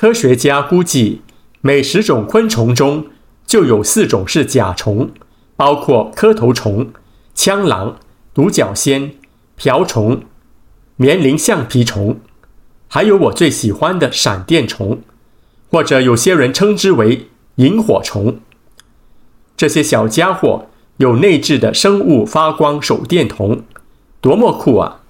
科學家估計，每十種昆蟲中就有四種是甲蟲，包括磕頭蟲、蜣螂、獨角仙、瓢蟲、棉鈴橡皮蟲，還有我最喜歡的閃電蟲，或者有些人稱之為螢火蟲。這些小家伙有內置的生物發光手電筒，多麼酷啊！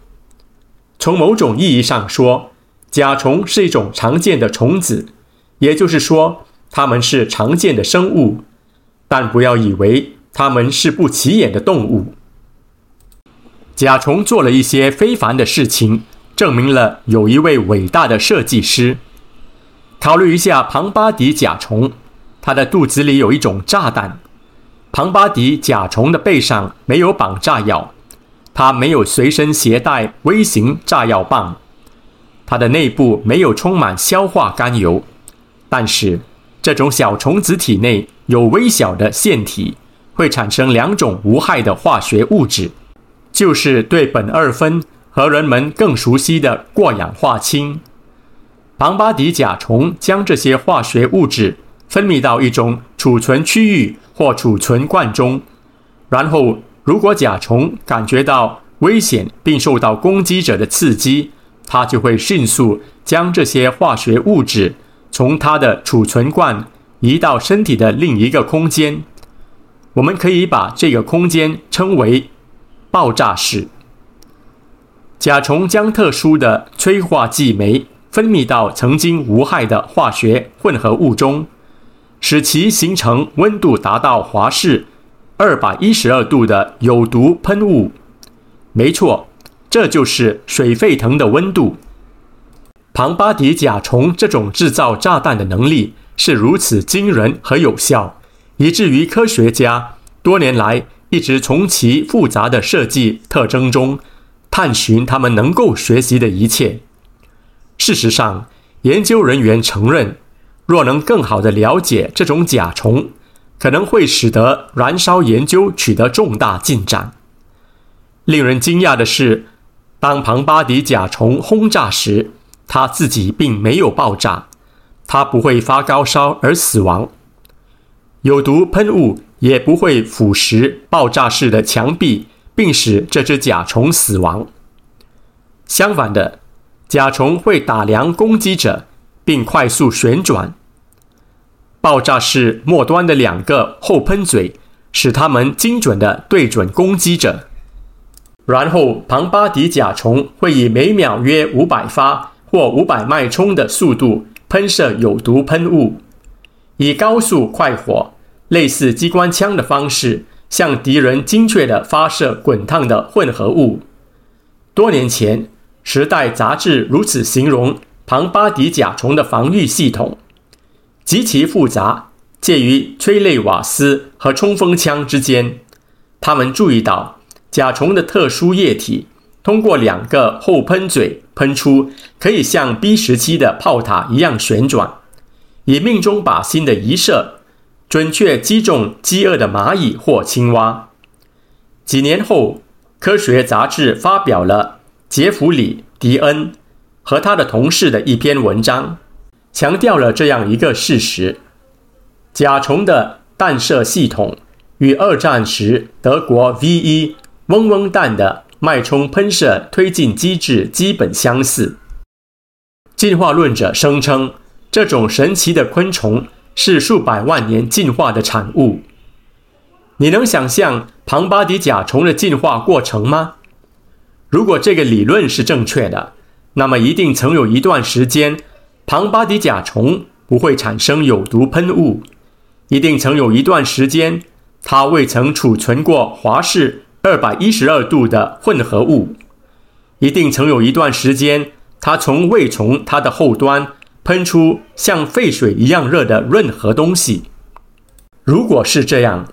從某種意義上說。甲蟲是一種常見的蟲子，也就是說，它們是常見的生物。但不要以為它們是不起眼的動物。甲蟲做了一些非凡的事情，證明了有一位偉大的設計師。考慮一下龐巴迪甲蟲，它的肚子裡有一種炸彈。龐巴迪甲蟲的背上沒有綁炸藥，它沒有隨身攜帶微型炸藥棒。它的內部沒有充滿硝化甘油，但是這種小蟲子體內有微小的腺體，會產生兩種無害的化學物質，就是對苯二酚和人們更熟悉的過氧化氫。龐巴迪甲蟲將這些化學物質分泌到一種儲存區域或儲存罐中，然後如果甲蟲感覺到危險並受到攻擊者的刺激。它就會迅速將這些化學物質從它的儲存罐移到身體的另一個空間。我們可以把這個空間稱為“爆炸室”。甲蟲將特殊的催化劑酶分泌到曾經無害的化學混合物中，使其形成溫度達到華氏二百一十二度的有毒噴霧。沒錯。這就是水沸騰的溫度。龐巴迪甲蟲這種製造炸彈的能力是如此驚人和有效，以至於科學家多年來一直從其複雜的設計特徵中探尋他們能夠學習的一切。事實上，研究人員承認，若能更好地了解這種甲蟲，可能會使得燃燒研究取得重大進展。令人驚訝的是，當龐巴迪甲蟲轟炸時，它自己並沒有爆炸，它不會發高燒而死亡，有毒噴霧也不會腐蝕爆炸式的牆壁並使這隻甲蟲死亡。相反的，甲蟲會打量攻擊者，並快速旋轉爆炸式末端的兩個後噴嘴，使它們精準地對準攻擊者。然後，龐巴迪甲蟲會以每秒約五百發或五百脈衝的速度噴射有毒噴霧，以高速快火、類似機關槍的方式，向敵人精確地發射滾燙的混合物。多年前，《時代》雜志如此形容龐巴迪甲蟲的防禦系統：極其複雜，介於催淚瓦斯和衝鋒槍之間。他們注意到。甲蟲的特殊液體通過兩個後噴嘴噴出，可以像 B17 的炮塔一樣旋轉，以命中靶心的一射，準確擊中饑餓的螞蟻或青蛙。幾年後，科學雜誌發表了杰弗里·迪恩和他的同事的一篇文章，強調了這樣一個事實：甲蟲的彈射系統與二戰時德國 V1 嗡嗡彈的脈衝噴射推進機制基本相似。進化論者聲稱，這種神奇的昆蟲是數百萬年進化的產物。你能想象龐巴迪甲蟲的進化過程嗎？如果這個理論是正確的，那麼一定曾有一段時間，龐巴迪甲蟲不會產生有毒噴霧；一定曾有一段時間，它未曾儲存過華氏，二百一十二度的混合物，一定曾有一段時間，它從未從它的後端噴出像沸水一樣熱的任何東西。如果是這樣，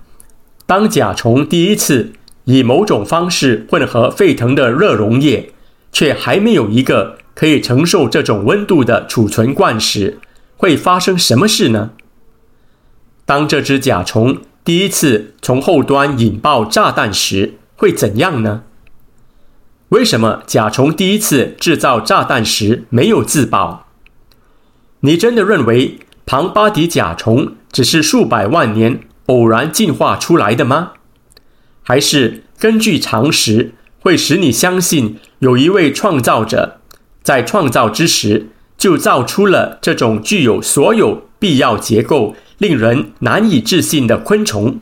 當甲蟲第一次以某種方式混合沸騰的熱溶液，卻還沒有一個可以承受這種溫度的儲存罐時，會發生什麼事呢？當這只甲蟲。第一次從後端引爆炸彈時會怎樣呢？為什麼甲蟲第一次制造炸彈時沒有自爆？你真的認為龐巴迪甲蟲只是數百萬年偶然進化出來的嗎？還是根據常識會使你相信有一位創造者在創造之時就造出了這種具有所有？必要結構令人難以置信的昆蟲。